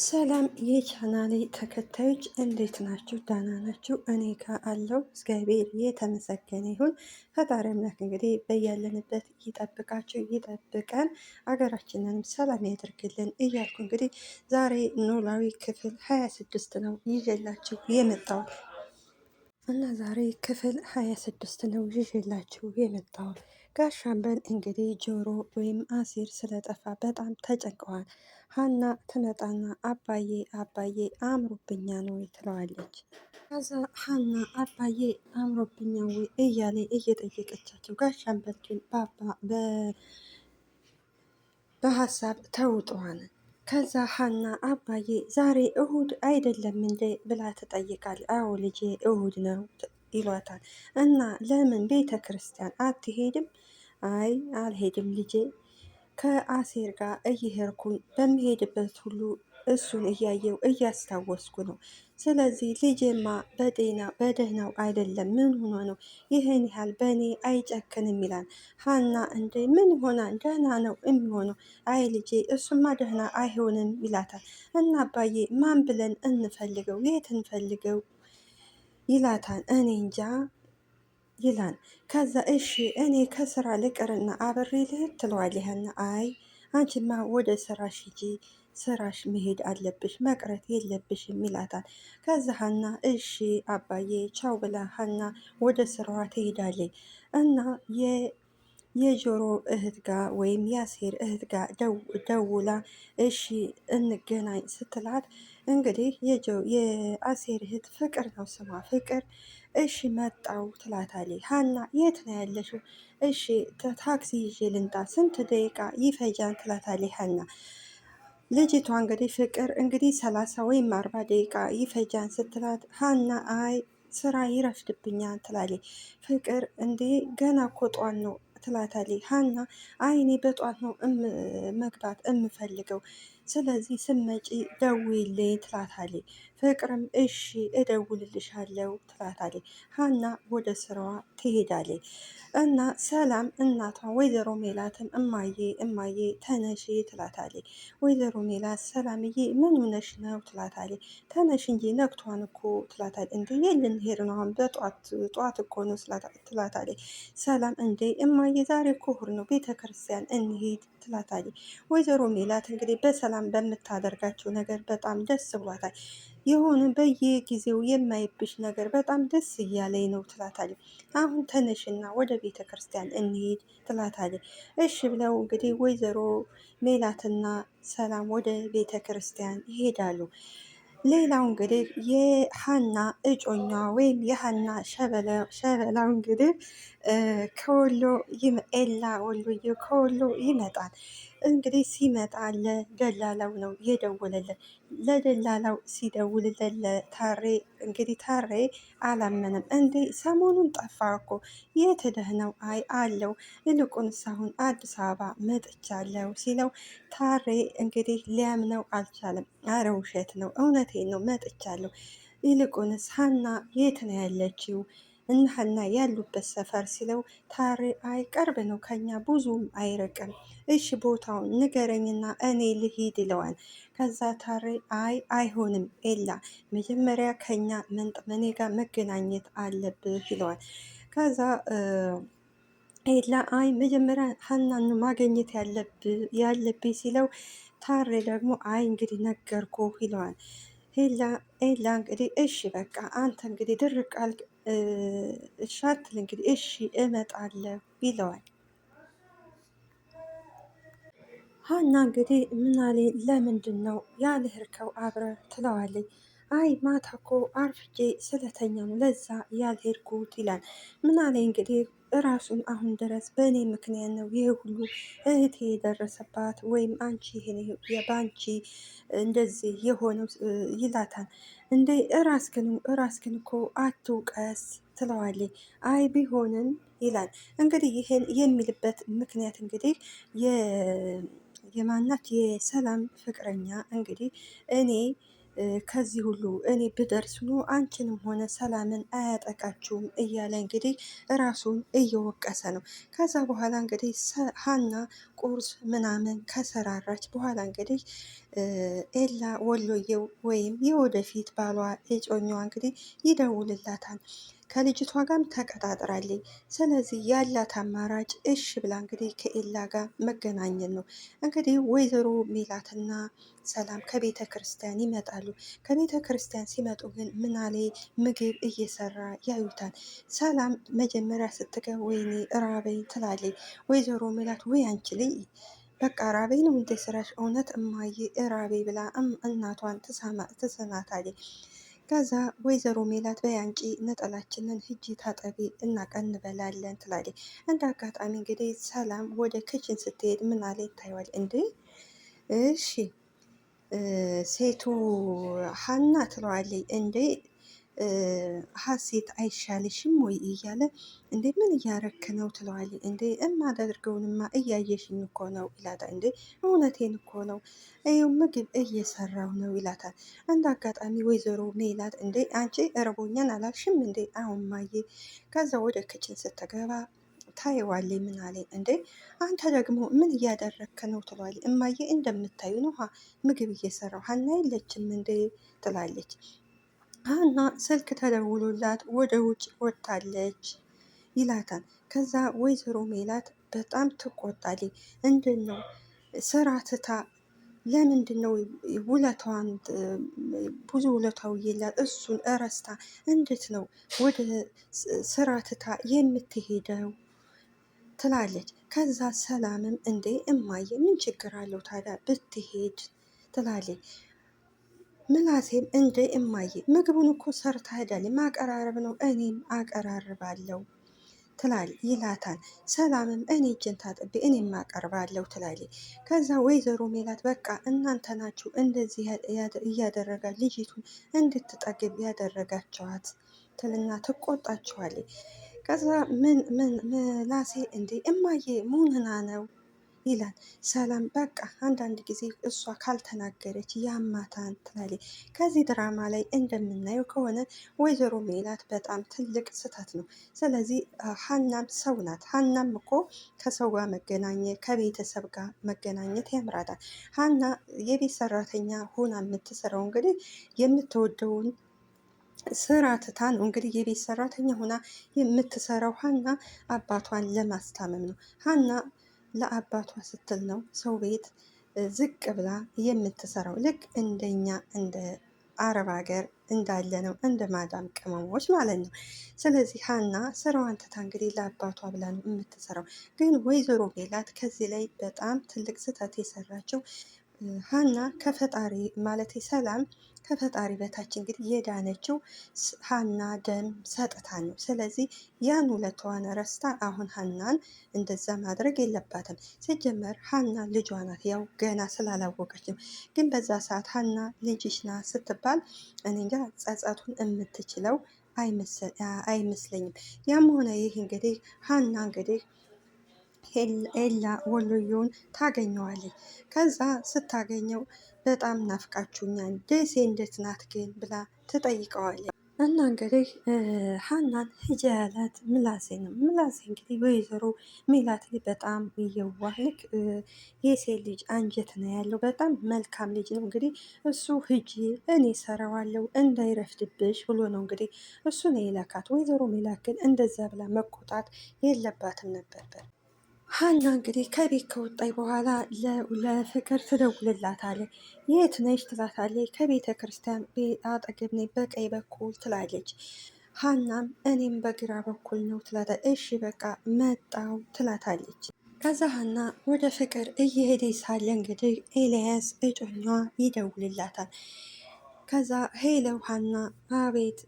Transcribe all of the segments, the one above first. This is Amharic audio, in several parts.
ሰላም የቻናሌ ተከታዮች እንዴት ናችሁ? ደህና ናችሁ? እኔ ጋር አለው እግዚአብሔር የተመሰገነ ይሁን። ፈጣሪ አምላክ እንግዲህ በያለንበት ይጠብቃችሁ ይጠብቀን፣ አገራችንንም ሰላም ያደርግልን እያልኩ እንግዲህ ዛሬ ኖላዊ ክፍል ሀያ ስድስት ነው ይዤላችሁ የመጣው እና ዛሬ ክፍል ሀያ ስድስት ነው ይዤላችሁ የመጣው ጋሻምበል እንግዲህ ጆሮ ወይም አሲር ስለጠፋ በጣም ተጨንቀዋል። ሀና ትመጣና አባዬ አባዬ አምሮብኛ ነው ትለዋለች። ከዛ ሀና አባዬ አምሮብኛ ወይ እያለ እየጠየቀቻቸው ጋሽ ባባ በሀሳብ ተውጠዋል። ከዛ ሀና አባዬ ዛሬ እሁድ አይደለም እንዴ ብላ ትጠይቃል። አዎ ልጄ እሁድ ነው ይሏታል። እና ለምን ቤተ ክርስቲያን አትሄድም? አይ አልሄድም ልጄ ከአሴር ጋር እየሄድኩኝ በሚሄድበት ሁሉ እሱን እያየው እያስታወስኩ ነው። ስለዚህ ልጄማ በጤና በደህናው አይደለም። ምን ሆኖ ነው ይህን ያህል በእኔ አይጨክንም? ይላል ሀና። እንዴ ምን ሆና ደህና ነው የሚሆነው? አይ ልጄ እሱማ ደህና አይሆንም ይላታል። እና አባዬ ማን ብለን እንፈልገው? የት እንፈልገው? ይላታል። እኔ እንጃ ይላል። ከዛ እሺ እኔ ከስራ ልቅርና አብሬ ልሄድ ትለዋለህ። አይ አንቺማ ወደ ስራሽ ሂጂ፣ ስራሽ መሄድ አለብሽ፣ መቅረት የለብሽም ይላታል። ከዛ ሀና እሺ አባዬ ቻው ብላ ሀና ወደ ስራዋ ትሄዳለች እና የጆሮ እህት ጋ ወይም ያሴር እህት ጋ ደውላ እሺ እንገናኝ ስትላት እንግዲህ የአሴር እህት ፍቅር ነው ስማ ፍቅር እሺ መጣው ትላታሌ ሀና የት ነው ያለሽው? እሺ ታክሲ ይዤ ልንጣ፣ ስንት ደቂቃ ይፈጃን? ትላታሌ ሀና ልጅቷ እንግዲህ ፍቅር እንግዲህ ሰላሳ ወይም አርባ ደቂቃ ይፈጃን ስትላት ሀና አይ ስራ ይረፍድብኛል ትላለች። ፍቅር እንዴ ገና እኮ ጧት ነው ትላታለች ሀና። አይኔ በጧት ነው መግባት የምፈልገው ስለዚህ ስመጪ ደውዪልኝ ትላታለች። ፍቅርም እሺ እደውልልሻለሁ ትላታለች። ሀና ወደ ስራዋ ትሄዳለች እና ሰላም እናቷ ወይዘሮ ሜላትም እማዬ እማዬ ተነሺ ትላታለች። ወይዘሮ ሜላት ሰላምዬ ምን ሆነሽ ነው ትላታለች። ተነሽ እንጂ ነግቷን እኮ ትላታለች። እንዴ ልንሄድ ነው አሁን በጧት እኮ ነው ትላታለች። ሰላም እንዴ እማዬ ዛሬ እኮ እሑድ ነው ቤተክርስቲያን እንሄድ ትላታለች። ወይዘሮ ሜላት እንግዲህ በሰላም ሰላም በምታደርጋቸው ነገር በጣም ደስ ብሏታል። የሆነ በየጊዜው የማይብሽ ነገር በጣም ደስ እያለኝ ነው ትላታለች። አሁን ተነሽና ወደ ቤተ ክርስቲያን እንሄድ ትላታለች። እሽ ብለው እንግዲህ ወይዘሮ ሜላትና ሰላም ወደ ቤተ ክርስቲያን ይሄዳሉ። ሌላው እንግዲህ የሀና እጮኛ ወይም የሀና ሸበላው እንግዲህ ከወሎ ኤላ ወሎዬ ከወሎ ይመጣል። እንግዲህ ሲመጣ ለደላላው ነው የደወለለት። ለደላላው ሲደውልለት ለታሬ እንግዲህ ታሬ አላመነም። እንዴ ሰሞኑን ጠፋ እኮ የት ሄደህ ነው? አይ አለው ይልቁንስ አሁን አዲስ አበባ መጥቻለሁ ሲለው ታሬ እንግዲህ ሊያምነው አልቻለም። አረ ውሸት ነው፣ እውነቴን ነው መጥቻለሁ። ይልቁንስ ሀና የት ነው ያለችው እነ ያሉበት ሰፈር ሲለው ታሪ አይቀርብ ነው ከኛ ብዙም አይርቅም፣ እሺ ቦታውን ንገረኝና እኔ ልሂድ ይለዋል። ከዛ ታሪ አይ አይሆንም ኤላ መጀመሪያ ከኛ መኔ ጋር መገናኘት አለብህ ይለዋል። ከዛ ኤላ አይ መጀመሪያ ሀናን ማገኘት ያለብህ ሲለው ታሪ ደግሞ አይ እንግዲህ ነገርኩ ። ይለዋል። ሄላ ኤላ እንግዲህ እሺ በቃ አንተ እንግዲህ ድርቅ አልክ እሻትል እንግዲህ እሺ እመጣለሁ ይለዋል። ሀና እንግዲህ ምናሌ ለምንድን ነው ያልህርከው አብረ ትለዋለች። አይ ማታ እኮ አርፍጄ ስለተኛ ነው ለዛ ያልሄድኩት ይላል ምናሌ እንግዲህ እራሱን አሁን ድረስ በእኔ ምክንያት ነው ይሄ ሁሉ እህቴ የደረሰባት ወይም አንቺ በአንቺ እንደዚህ የሆነው ይላታል። እንደ እራስክን እራስክን እኮ አትውቀስ ትለዋለች። አይ ቢሆንም ይላል። እንግዲህ ይህን የሚልበት ምክንያት እንግዲህ የማናት የሰላም ፍቅረኛ እንግዲህ እኔ ከዚህ ሁሉ እኔ ብደርስ ኑ አንቺንም ሆነ ሰላምን አያጠቃችሁም እያለ እንግዲህ ራሱን እየወቀሰ ነው። ከዛ በኋላ እንግዲህ ሀና ቁርስ ምናምን ከሰራራች በኋላ እንግዲህ ኤላ ወሎየው ወይም የወደፊት ባሏ እጮኛዋ እንግዲህ ይደውልላታል። ከልጅቷ ጋርም ተቀጣጥራለኝ። ስለዚህ ያላት አማራጭ እሽ ብላ እንግዲህ ከኤላ ጋር መገናኘት ነው። እንግዲህ ወይዘሮ ሜላትና ሰላም ከቤተ ክርስቲያን ይመጣሉ። ከቤተ ክርስቲያን ሲመጡ ግን ምናሌ ምግብ እየሰራ ያዩታል። ሰላም መጀመሪያ ስትገባ ወይኔ ራበኝ ትላለች። ወይዘሮ ሜላት ወይ አንቺ ልይ በቃ ራቤ ነው እንደ ስራሽ እውነት እማዬ ራቤ ብላ እናቷን ትሰናታለች። ከዛ ወይዘሮ ሜላት በያንጪ ነጠላችንን ሂጂ ታጠቢ እናቀን እንበላለን ትላለች። እንደ አጋጣሚ እንግዲህ ሰላም ወደ ክችን ስትሄድ ምን አለ ይታየዋል። እንዴ እሺ ሴቱ ሀና ትለዋለች። እንዴ ሀሴት አይሻልሽም ወይ እያለ እንዴ ምን እያረክ ነው ትለዋል። እንዴ እማደርገውንማ እያየሽኝ እኮ ነው ይላታል። እንዴ እውነቴን እኮ ነው ይኸው ምግብ እየሰራው ነው ይላታል። እንደ አጋጣሚ ወይዘሮ ሜላት እንዴ አንቺ እርቦኛን አላልሽም እንዴ አሁን ማየ ከዛ ወደ ክችን ስትገባ ታየዋል ምን አለ እንዴ አንተ ደግሞ ምን እያደረክ ነው ትለዋል። እማዬ እንደምታዩ ነው ምግብ እየሰራው ሀና የለችም እንዴ ትላለች። ሀና ስልክ ተደውሎላት ወደ ውጭ ወጥታለች ይላታል። ከዛ ወይዘሮ ሜላት በጣም ትቆጣል። እንድን ነው ስራ ትታ ለምንድን ነው ብዙ ውለቷው የላት እሱን እረስታ እንዴት ነው ወደ ስራ ትታ የምትሄደው ትላለች። ከዛ ሰላምም እንዴ እማዬ ምን ችግር አለው ታዲያ ብትሄድ ትላለች። ምናሴም እንደ እማዬ ምግቡን እኮ ሰርታ ሄዳል ማቀራረብ ነው እኔም አቀራርባለሁ ትላል ይላታል። ሰላምም እኔ እጄን ታጥቤ እኔም አቀርባለሁ ትላል። ከዛ ወይዘሮ ሜላት በቃ እናንተ ናችሁ እንደዚህ እያደረጋ ልጅቱን እንድትጠግብ ያደረጋቸዋት ትልና ትቆጣቸዋለች። ከዛ ምን ምናሴ እንዴ እማዬ ሙንና ነው ይላል። ሰላም በቃ አንዳንድ ጊዜ እሷ ካልተናገረች ያማታን ትላለች። ከዚህ ድራማ ላይ እንደምናየው ከሆነ ወይዘሮ ሜላት በጣም ትልቅ ስህተት ነው። ስለዚህ ሀናም ሰው ናት። ሀናም እኮ ከሰው ጋር መገናኘት ከቤተሰብ ጋር መገናኘት ያምራታል። ሀና የቤት ሰራተኛ ሆና የምትሰራው እንግዲህ የምትወደውን ስራ ትታ ነው እንግዲህ የቤት ሰራተኛ ሆና የምትሰራው። ሀና አባቷን ለማስታመም ነው ሀና ለአባቷ ስትል ነው ሰው ቤት ዝቅ ብላ የምትሰራው። ልክ እንደኛ እንደ አረብ ሀገር እንዳለ ነው እንደ ማዳም ቅመሞች ማለት ነው። ስለዚህ ሀና ስራዋን ትታ እንግዲህ ለአባቷ ብላ ነው የምትሰራው። ግን ወይዘሮ ሜላት ከዚህ ላይ በጣም ትልቅ ስህተት የሰራችው ሀና ከፈጣሪ ማለት ሰላም ከፈጣሪ በታች እንግዲህ የዳነችው ሀና ደም ሰጥታ ነው። ስለዚህ ያን ሁለቷን ረስታ አሁን ሀናን እንደዛ ማድረግ የለባትም። ሲጀመር ሀና ልጇ ናት፣ ያው ገና ስላላወቀችም። ግን በዛ ሰዓት ሀና ልጅሽ ናት ስትባል እኔ እንጃ ጸጸቱን የምትችለው አይመስለኝም። ያም ሆነ ይህ እንግዲህ ሀና እንግዲህ ኤላ ወሎዮን ታገኘዋለች። ከዛ ስታገኘው በጣም ናፍቃችሁኛል፣ ደሴ እንዴት ናት ግን ብላ ትጠይቀዋለች። እና እንግዲህ ሀናን ሂጂ ያላት ምላሴ ነው። ምላሴ እንግዲህ ወይዘሮ ሜላት ላይ በጣም የዋህ ልክ የሴት ልጅ አንጀት ነው ያለው። በጣም መልካም ልጅ ነው። እንግዲህ እሱ ሂጂ እኔ ሰራዋለው እንዳይረፍድብሽ ብሎ ነው እንግዲህ እሱ ነው የላካት። ወይዘሮ ሜላት ግን እንደዛ ብላ መቆጣት የለባትም ነበር። ሀና እንግዲህ ከቤት ከወጣይ በኋላ ለፍቅር ትደውልላታለች። የት ነሽ ትላታለች። ከቤተ ክርስቲያን አጠገብ ነኝ በቀኝ በኩል ትላለች። ሀናም እኔም በግራ በኩል ነው ትላታ። እሺ በቃ መጣው ትላታለች። ከዛ ሀና ወደ ፍቅር እየሄደ ሳለ እንግዲህ ኤልያስ እጮኛ ይደውልላታል። ከዛ ሄለው ሀና አቤት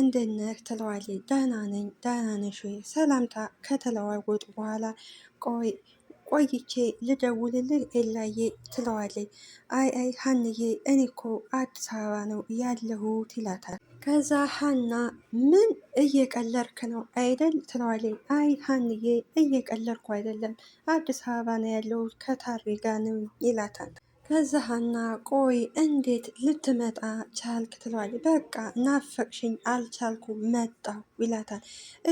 እንደት ነህ ትለዋለች። ደህና ነኝ ደህና ነሽ ወይ? ሰላምታ ከተለዋወጡ በኋላ ቆይ ቆይቼ ልደውልልህ ኤላዬ ትለዋለች። አይ አይ ሀንዬ እኔ አዲስ አበባ ነው ያለሁት ይላታል። ከዛ ሀና ምን እየቀለርክ ነው አይደል ትለዋለች። አይ ሀንዬ እየቀለርኩ አይደለም አዲስ አበባ ነው ያለሁት ከታሪ ጋ ነው ይላታል። ከዛ ሀና ቆይ እንዴት ልትመጣ ቻልክ ትለዋል። በቃ ናፈቅሽኝ አልቻልኩ መጣሁ ይላታል።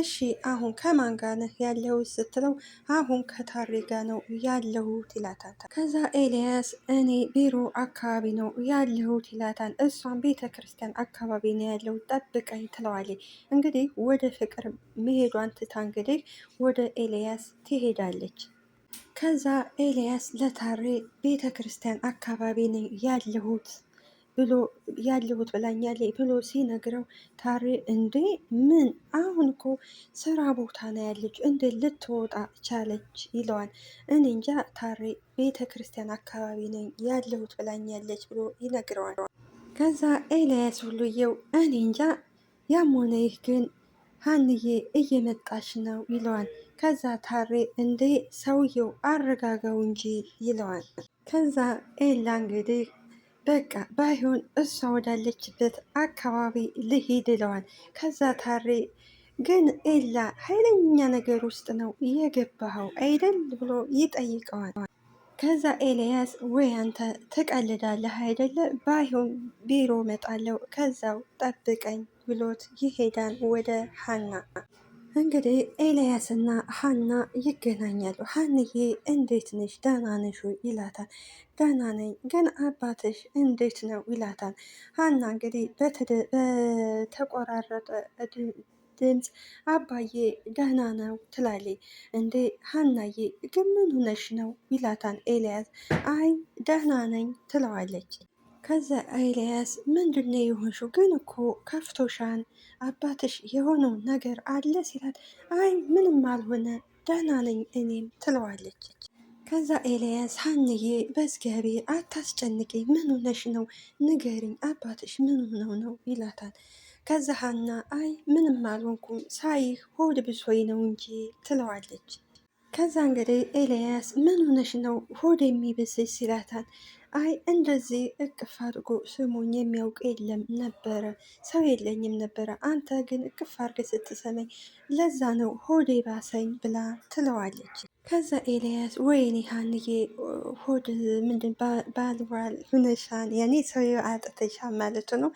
እሺ አሁን ከማን ጋር ነህ ስትለው አሁን ከታሬ ጋር ነው ያለሁት ይላታል። ከዛ ኤልያስ እኔ ቢሮ አካባቢ ነው ያለሁት ይላታል። እሷን ቤተ ክርስቲያን አካባቢ ነው ያለው ጠብቀኝ ትለዋል። እንግዲህ ወደ ፍቅር መሄዷን ትታ እንግዲህ ወደ ኤልያስ ትሄዳለች። ከዛ ኤልያስ ለታሬ ቤተ ክርስቲያን አካባቢ ነኝ ያለሁት ብሎ ያለሁት ብላኛለ ብሎ ሲነግረው ታሬ እንዴ ምን አሁን እኮ ስራ ቦታ ነው ያለች እንዴ ልትወጣ ቻለች ይለዋል። እኔ እንጃ ታሬ ቤተ ክርስቲያን አካባቢ ነኝ ያለሁት ብላኛለች ብሎ ይነግረዋል። ከዛ ኤልያስ ሁሉየው እኔ እንጃ ያም ሆነ ይህ ግን ሀንዬ እየመጣች ነው ይለዋል። ከዛ ታሬ እንዴ ሰውየው አረጋጋው እንጂ ይለዋል። ከዛ ኤላ እንግዲህ በቃ ባይሆን እሷ ወዳለችበት አካባቢ ልሂድ ይለዋል። ከዛ ታሬ ግን ኤላ ኃይለኛ ነገር ውስጥ ነው የገባኸው አይደል ብሎ ይጠይቀዋል። ከዛ ኤልያስ ወይ አንተ ትቀልዳለህ አይደለ? ባይሆን ቢሮ መጣለው ከዛው ጠብቀኝ ብሎት ይሄዳል ወደ ሀና። እንግዲህ ኤልያስና ሀና ይገናኛሉ። ሀንዬ እንዴት ነሽ? ደህና ነሽ ይላታል። ደህና ነኝ፣ ግን አባትሽ እንዴት ነው ይላታል። ሀና እንግዲህ በተቆራረጠ ድምፅ አባዬ ደህና ነው ትላለች። እንዴ ሀናዬ ግን ምን ሆነሽ ነው ይላታን ኤልያስ። አይ ደህና ነኝ ትለዋለች። ከዛ ኤልያስ ምንድነው የሆንሽው? ግን እኮ ከፍቶሻን አባትሽ የሆነው ነገር አለ ሲላት፣ አይ ምንም አልሆነ ደህና ነኝ እኔም ትለዋለች። ከዛ ኤልያስ ሀንዬ በዝገቤ አታስጨንቂ፣ ምን ሆነሽ ነው ንገሪኝ፣ አባትሽ ምን ሆነው ነው ይላታል። ከዛ ሀና አይ ምንም አልሆንኩም ሳይህ ሆድ ብሶኝ ነው እንጂ ትለዋለች። ከዛ እንግዲህ ኤልያስ ምን ሆነሽ ነው ሆድ የሚብስሽ ሲላታል። አይ እንደዚህ እቅፍ አድርጎ ስሙኝ የሚያውቅ የለም ነበረ፣ ሰው የለኝም ነበረ። አንተ ግን እቅፍ አድርገ ስትሰመኝ ለዛ ነው ሆዴ ባሰኝ ብላ ትለዋለች። ከዛ ኤልያስ ወይኔ ሀንዬ ሆድ ምንድን ባልዋል ሁነሻን ያኔ ሰውዬው አጠተሻ ማለት ነው።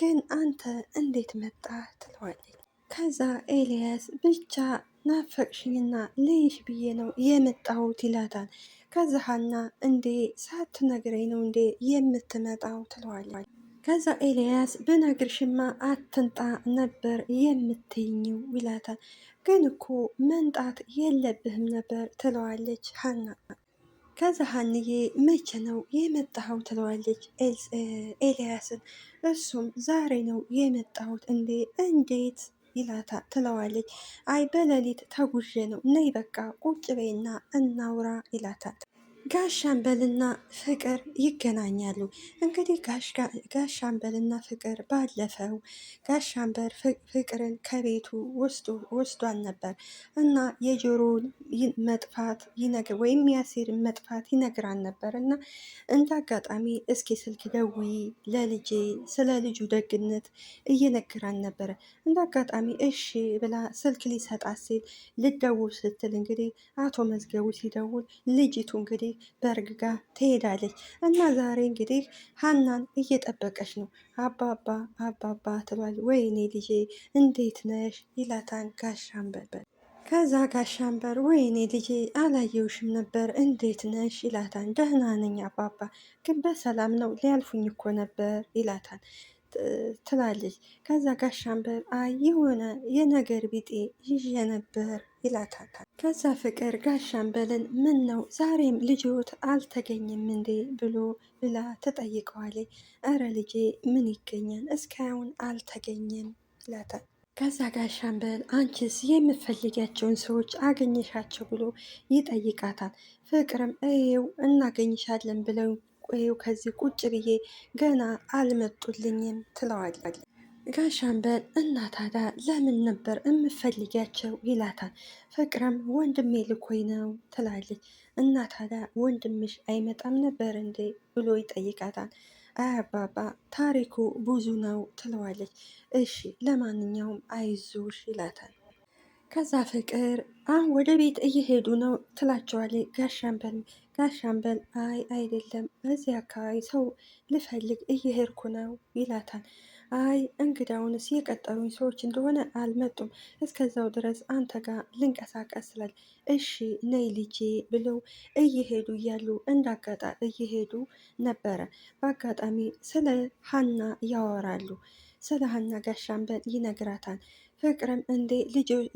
ግን አንተ እንዴት መጣ ትለዋለች። ከዛ ኤልያስ ብቻ ናፈቅሽኝና ልይሽ ብዬ ነው የመጣሁት ይላታል። ከዛ ሀና እንዴ ሳትነግረኝ ነው እንዴ የምትመጣው ትለዋለች። ከዛ ኤልያስ ብነግርሽማ አትንጣ ነበር የምትኝው ይላታል። ግን እኮ መንጣት የለብህም ነበር ትለዋለች ሀና። ከዛ ሀንዬ መቼ ነው የመጣኸው ትለዋለች ኤልያስን። እሱም ዛሬ ነው የመጣሁት እንዴ እንዴት ይላታ ትለዋለች። አይ በሌሊት ተጉዤ ነው ነይ በቃ ቁጭ በይና እናውራ ይላታል። ጋሽ ሻምበልና ፍቅር ይገናኛሉ። እንግዲህ ጋሽ ሻምበልና ፍቅር ባለፈው ጋሽ ሻምበል ፍቅርን ከቤቱ ወስዷን ነበር እና የጆሮን መጥፋት ወይም የአሴርን መጥፋት ይነግራን ነበር እና እንደ አጋጣሚ እስኪ ስልክ ደዊ ለልጄ ስለ ልጁ ደግነት እየነግራን ነበረ። እንደ አጋጣሚ እሺ ብላ ስልክ ሊሰጣት ሲል ልደውል ስትል እንግዲህ አቶ መዝገቡ ሲደውል ልጅቱ እንግዲህ በርግጋ ትሄዳለች እና ዛሬ እንግዲህ ሀናን እየጠበቀች ነው። አባባ አባባ ትሏል። ወይኔ ልጄ እንዴት ነሽ ይላታን ጋሽ አንበበር ከዛ ጋሻንበር ወይኔ ልጄ አላየውሽም ነበር እንዴት ነሽ ይላታን። ደህና ነኝ አባባ፣ ግን በሰላም ነው ሊያልፉኝ እኮ ነበር ይላታን ትላለች። ከዛ ጋሻንበር አይ የሆነ የነገር ቢጤ ይዤ ነበር ይላታታል። ከዛ ፍቅር ጋሻምበልን ምን ነው ዛሬም ልጆት አልተገኘም እንዴ ብሎ ብላ ትጠይቀዋለች። እረ ልጄ ምን ይገኛል እስካሁን አልተገኘም ይላታል። ከዛ ጋሻምበል አንቺስ የምፈልጊያቸውን ሰዎች አገኘሻቸው ብሎ ይጠይቃታል። ፍቅርም እየው እናገኝሻለን ብለው ቆየው ከዚህ ቁጭ ብዬ ገና አልመጡልኝም ትለዋለች። ጋሻምበል እና ታዲያ ለምን ነበር የምፈልጊያቸው ይላታል። ፍቅርም ወንድሜ ልኮኝ ነው ትላለች። እና ታዲያ ወንድምሽ አይመጣም ነበር እንዴ ብሎ ይጠይቃታል። አያባባ ታሪኩ ብዙ ነው ትለዋለች። እሺ ለማንኛውም አይዞሽ ይላታል። ከዛ ፍቅር አሁን ወደ ቤት እየሄዱ ነው ትላቸዋለች ጋሻምበል ጋሽ አይ አይደለም፣ እዚህ አካባቢ ሰው ልፈልግ እየሄድኩ ነው ይላታል። አይ እንግዳውንስ የቀጠሩኝ ሰዎች እንደሆነ አልመጡም፣ እስከዛው ድረስ አንተ ጋር ልንቀሳቀስ ስላል እሺ ነይ ልጄ ብለው እየሄዱ እያሉ እንዳጋጣ እየሄዱ ነበረ። በአጋጣሚ ስለ ሀና ያወራሉ። ስለ ሀና ጋሽ ይነግራታል። ፍቅርም እንዴ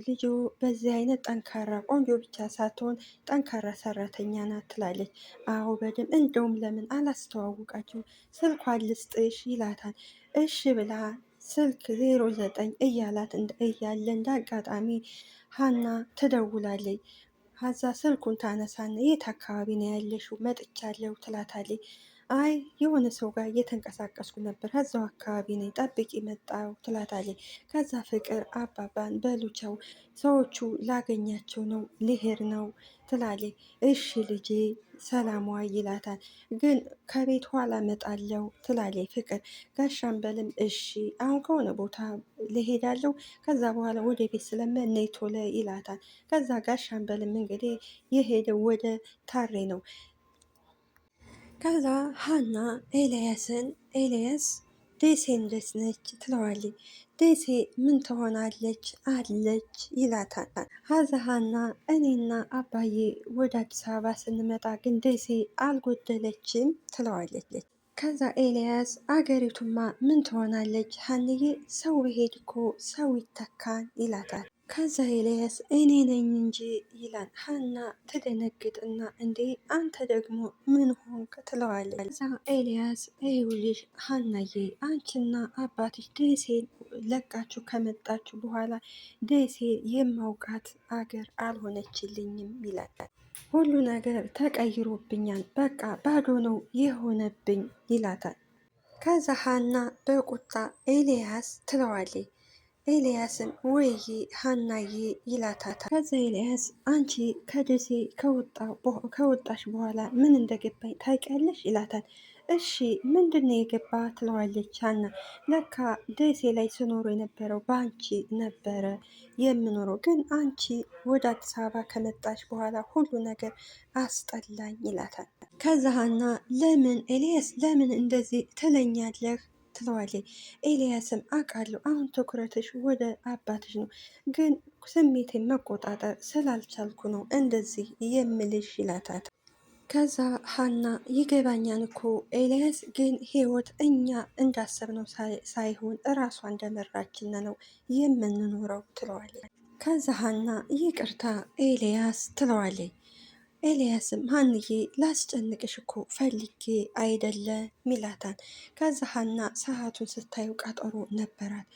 ልጁ በዚህ አይነት ጠንካራ ቆንጆ ብቻ ሳትሆን ጠንካራ ሰራተኛ ናት ትላለች። አዎ በደንብ እንደውም ለምን አላስተዋውቃችሁ ስልኳን ልስጥሽ ይላታል። እሺ ብላ ስልክ ዜሮ ዘጠኝ እያላት እያለ እንደ አጋጣሚ ሀና ትደውላለች። ሀዛ ስልኩን ታነሳና የት አካባቢ ነው ያለሽው? መጥቻለሁ ትላታለች። አይ የሆነ ሰው ጋር እየተንቀሳቀስኩ ነበር፣ ከዛው አካባቢ ነኝ፣ ጠብቂ መጣው ትላታለች። ከዛ ፍቅር አባባን በሉቻው ሰዎቹ ላገኛቸው ነው ልሄድ ነው ትላለች። እሺ ልጄ ሰላሟ ይላታል። ግን ከቤት ኋላ መጣለው ትላለች ፍቅር። ጋሻምበልም እሺ አሁን ከሆነ ቦታ ልሄዳለው፣ ከዛ በኋላ ወደ ቤት ስለመ ነይቶለ ይላታል። ከዛ ጋሻምበልም እንግዲህ የሄደው ወደ ታሬ ነው። ከዛ ሀና ኤልያስን ኤልያስ ደሴ እንዴት ነች ትለዋለች። ደሴ ምን ትሆናለች አለች ይላታል። ሀዛ ሀና እኔና አባዬ ወደ አዲስ አበባ ስንመጣ ግን ደሴ አልጎደለችም ትለዋለች። ከዛ ኤልያስ አገሪቱማ ምን ትሆናለች ሀንዬ፣ ሰው ሄድኮ ሰው ይተካን ይላታል። ከዛ ኤልያስ እኔ ነኝ እንጂ ይላል። ሀና ትደነግጥና እንዴ አንተ ደግሞ ምን ሆንክ ትለዋለች። ከዛ ኤልያስ ይኸውልሽ ሀናዬ አንቺና አባትሽ ደሴን ለቃችሁ ከመጣችሁ በኋላ ደሴ የማውቃት አገር አልሆነችልኝም ይላል። ሁሉ ነገር ተቀይሮብኛል፣ በቃ ባዶ ነው የሆነብኝ ይላታል። ከዛ ሀና በቁጣ ኤልያስ ትለዋለች። ኤልያስን ወይዬ ሀናዬ ይላታል። ከዛ ኤልያስ አንቺ ከደሴ ከወጣሽ በኋላ ምን እንደገባኝ ታውቂያለሽ? ይላታል። እሺ ምንድነው የገባ ትለዋለች ሀና። ለካ ደሴ ላይ ስኖሮ የነበረው በአንቺ ነበረ የምኖረው፣ ግን አንቺ ወደ አዲስ አበባ ከመጣሽ በኋላ ሁሉ ነገር አስጠላኝ ይላታል። ከዛ ሀና ለምን ኤልያስ ለምን እንደዚህ ትለኛለህ ትለዋለች። ኤልያስም አውቃለሁ አሁን ትኩረትሽ ወደ አባትሽ ነው፣ ግን ስሜቴን መቆጣጠር ስላልቻልኩ ነው እንደዚህ የምልሽ ይላታት። ከዛ ሀና ይገባኛል እኮ ኤልያስ፣ ግን ህይወት እኛ እንዳሰብነው ሳይሆን እራሷ እንደመራችን ነው የምንኖረው ትለዋለች። ከዛ ሀና ይቅርታ ኤልያስ ትለዋለች። ኤልያስም ሀንዬ ላስጨንቅሽ እኮ ፈልጌ አይደለ ሚላታን። ከዛ ሀና ሰዓቱን ስታየው ቀጠሮ ነበራት።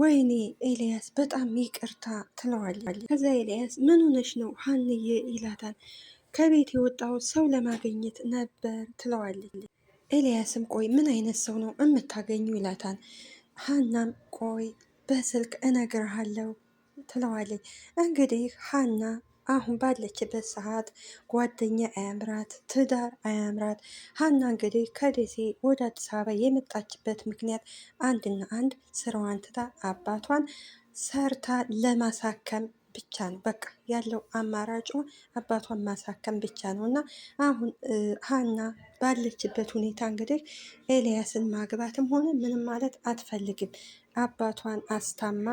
ወይኔ ኤልያስ በጣም ይቅርታ ትለዋለች። ከዛ ኤልያስ ምን ሆነሽ ነው ሀንዬ ይላታል። ከቤት የወጣው ሰው ለማገኘት ነበር ትለዋለች። ኤልያስም ቆይ ምን አይነት ሰው ነው የምታገኙ ይላታል። ሀናም ቆይ በስልክ እነግርሃለሁ ትለዋለች። እንግዲህ ሀና አሁን ባለችበት ሰዓት ጓደኛ አያምራት፣ ትዳር አያምራት። ሀና እንግዲህ ከደሴ ወደ አዲስ አበባ የመጣችበት ምክንያት አንድና አንድ ስራዋን ትታ አባቷን ሰርታ ለማሳከም ብቻ ነው። በቃ ያለው አማራጩ አባቷን ማሳከም ብቻ ነው እና አሁን ሀና ባለችበት ሁኔታ እንግዲህ ኤልያስን ማግባትም ሆነ ምንም ማለት አትፈልግም። አባቷን አስታማ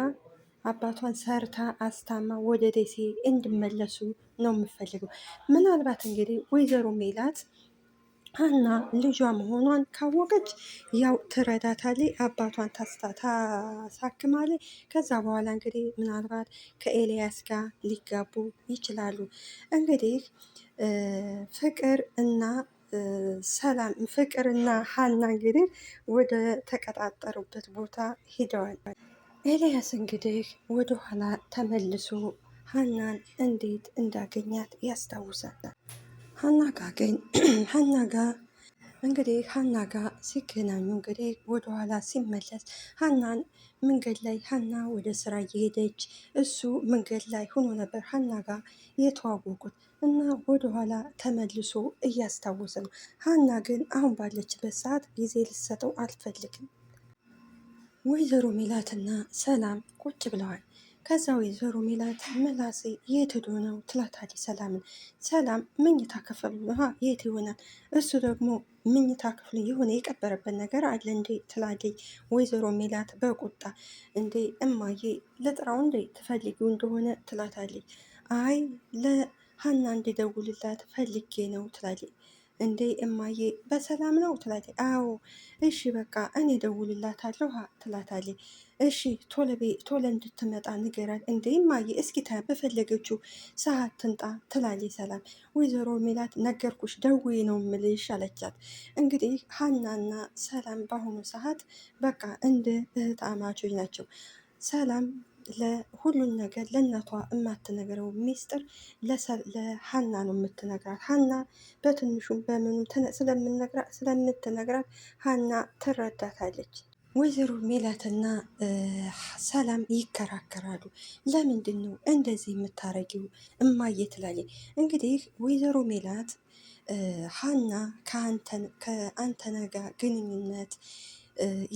አባቷን ሰርታ አስታማ ወደ ደሴ እንዲመለሱ ነው የምፈልገው። ምናልባት እንግዲህ ወይዘሮ ሜላት ሀና ልጇ መሆኗን ካወቀች ያው ትረዳታለች፣ አባቷን ታሳክማለች። ከዛ በኋላ እንግዲህ ምናልባት ከኤልያስ ጋር ሊጋቡ ይችላሉ። እንግዲህ ፍቅር እና ሰላም ፍቅርና ሀና እንግዲህ ወደ ተቀጣጠሩበት ቦታ ሂደዋል። ኤልያስ እንግዲህ ወደ ኋላ ተመልሶ ሀናን እንዴት እንዳገኛት ያስታውሳል። ሀና ጋ ግን ሀና ጋ እንግዲህ ሀና ጋ ሲገናኙ እንግዲህ ወደ ኋላ ሲመለስ ሀናን መንገድ ላይ ሀና ወደ ስራ እየሄደች እሱ መንገድ ላይ ሆኖ ነበር ሀና ጋ የተዋወቁት እና ወደ ኋላ ተመልሶ እያስታወሰ ነው። ሀና ግን አሁን ባለችበት ሰዓት ጊዜ ልሰጠው አልፈልግም ወይዘሮ ሜላትና ሰላም ቁጭ ብለዋል። ከዛ ወይዘሮ ሜላት ምላሴ የት ሄዶ ነው ትላታለች ሰላምን። ሰላም መኝታ ክፍል የት ይሆናል? እሱ ደግሞ ምኝታ ክፍል የሆነ የቀበረበት ነገር አለ እንዴ ትላለች ወይዘሮ ሜላት በቁጣ። እንዴ እማዬ ለጥራው እንዴ ትፈልጊው እንደሆነ ትላታለች። አይ ለሀና እንዲደውልላት ፈልጌ ነው ትላለች። እንዴ እማዬ በሰላም ነው ትላለች። አዎ እሺ በቃ እኔ ደውልላታለሁ ትላታለች። እሺ ቶሎ እንድትመጣ ንገራት። እንዴ እማዬ እስኪ ታ በፈለገችው ሰዓት ትንጣ ትላለች ሰላም። ወይዘሮ ሜላት ነገርኩሽ ደዌ ነው ምልሽ አለቻት። እንግዲህ ሀናና ሰላም በአሁኑ ሰዓት በቃ እንደ እህት አማቾች ናቸው። ሰላም ለሁሉ ነገር ለእናቷ የማትነግረው ሚስጥር ለሀና ነው የምትነግራት። ሀና በትንሹም በምኑም ስለምትነግራት ሀና ትረዳታለች። ወይዘሮ ሜላትና ሰላም ይከራከራሉ። ለምንድን ነው እንደዚህ የምታረጊው እማዬ ትላለች። እንግዲህ ወይዘሮ ሜላት ሀና ከአንተ ነጋ ግንኙነት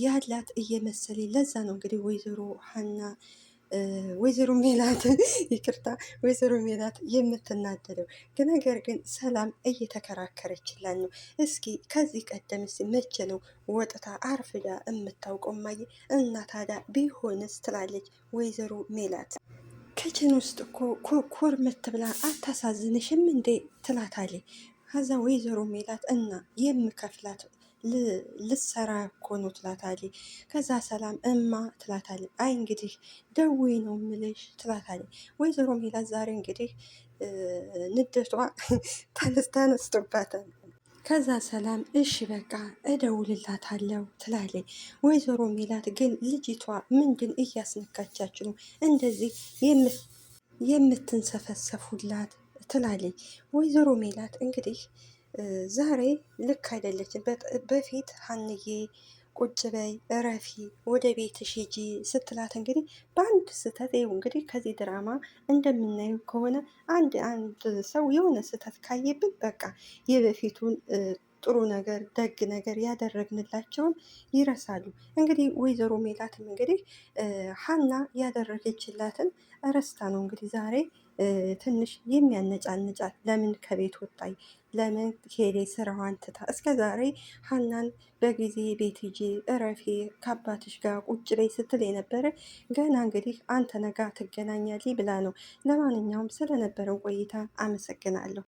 ያላት እየመሰለኝ ለዛ ነው እንግዲህ ወይዘሮ ሀና ወይዘሮ ሜላት ይቅርታ፣ ወይዘሮ ሜላት የምትናደደው ነገር ግን ሰላም እየተከራከረችላት ነው። እስኪ ከዚህ ቀደም ሲ መቼ ነው ወጥታ አርፍዳ የምታውቀው? ማየ እና ታዲያ ቢሆንስ ትላለች ወይዘሮ ሜላት። ከችን ውስጥ እኮ ኮኮር ምትብላ አታሳዝንሽም እንዴ? ትላታለች። ከዛ ወይዘሮ ሜላት እና የምከፍላት ልሰራ እኮ ነው ትላታለች። ከዛ ሰላም እማ ትላታለች። አይ እንግዲህ ደዌ ነው ምልሽ ትላታለች። ወይዘሮ ሜላት ዛሬ እንግዲህ ንደቷ ተነስቶባታል። ከዛ ሰላም እሺ በቃ እደውልላታለሁ ትላለች። ወይዘሮ ሜላት ግን ልጅቷ ምንድን እያስነካቻችሁ ነው እንደዚህ የምትንሰፈሰፉላት ትላለች። ወይዘሮ ሜላት እንግዲህ ዛሬ ልክ አይደለችም። በፊት ሀንዬ ቁጭ በይ እረፊ፣ ወደ ቤትሽ ሂጂ ስትላት እንግዲህ በአንድ ስህተት ይኸው እንግዲህ ከዚህ ድራማ እንደምናየው ከሆነ አንድ አንድ ሰው የሆነ ስህተት ካየብን በቃ የበፊቱን ጥሩ ነገር ደግ ነገር ያደረግንላቸውን ይረሳሉ። እንግዲህ ወይዘሮ ሜላትም እንግዲህ ሀና ያደረገችላትን ረስታ ነው እንግዲህ ዛሬ ትንሽ የሚያነጫንጫት ለምን ከቤት ወጣይ ለምን ሄዴ ስራዋን ትታ እስከ ዛሬ ሀናን በጊዜ ቤት ሂጂ እረፌ ከአባትሽ ጋር ቁጭ በይ ስትል የነበረ ገና እንግዲህ አንተ ነጋ ትገናኛለህ ብላ ነው። ለማንኛውም ስለነበረው ቆይታ አመሰግናለሁ።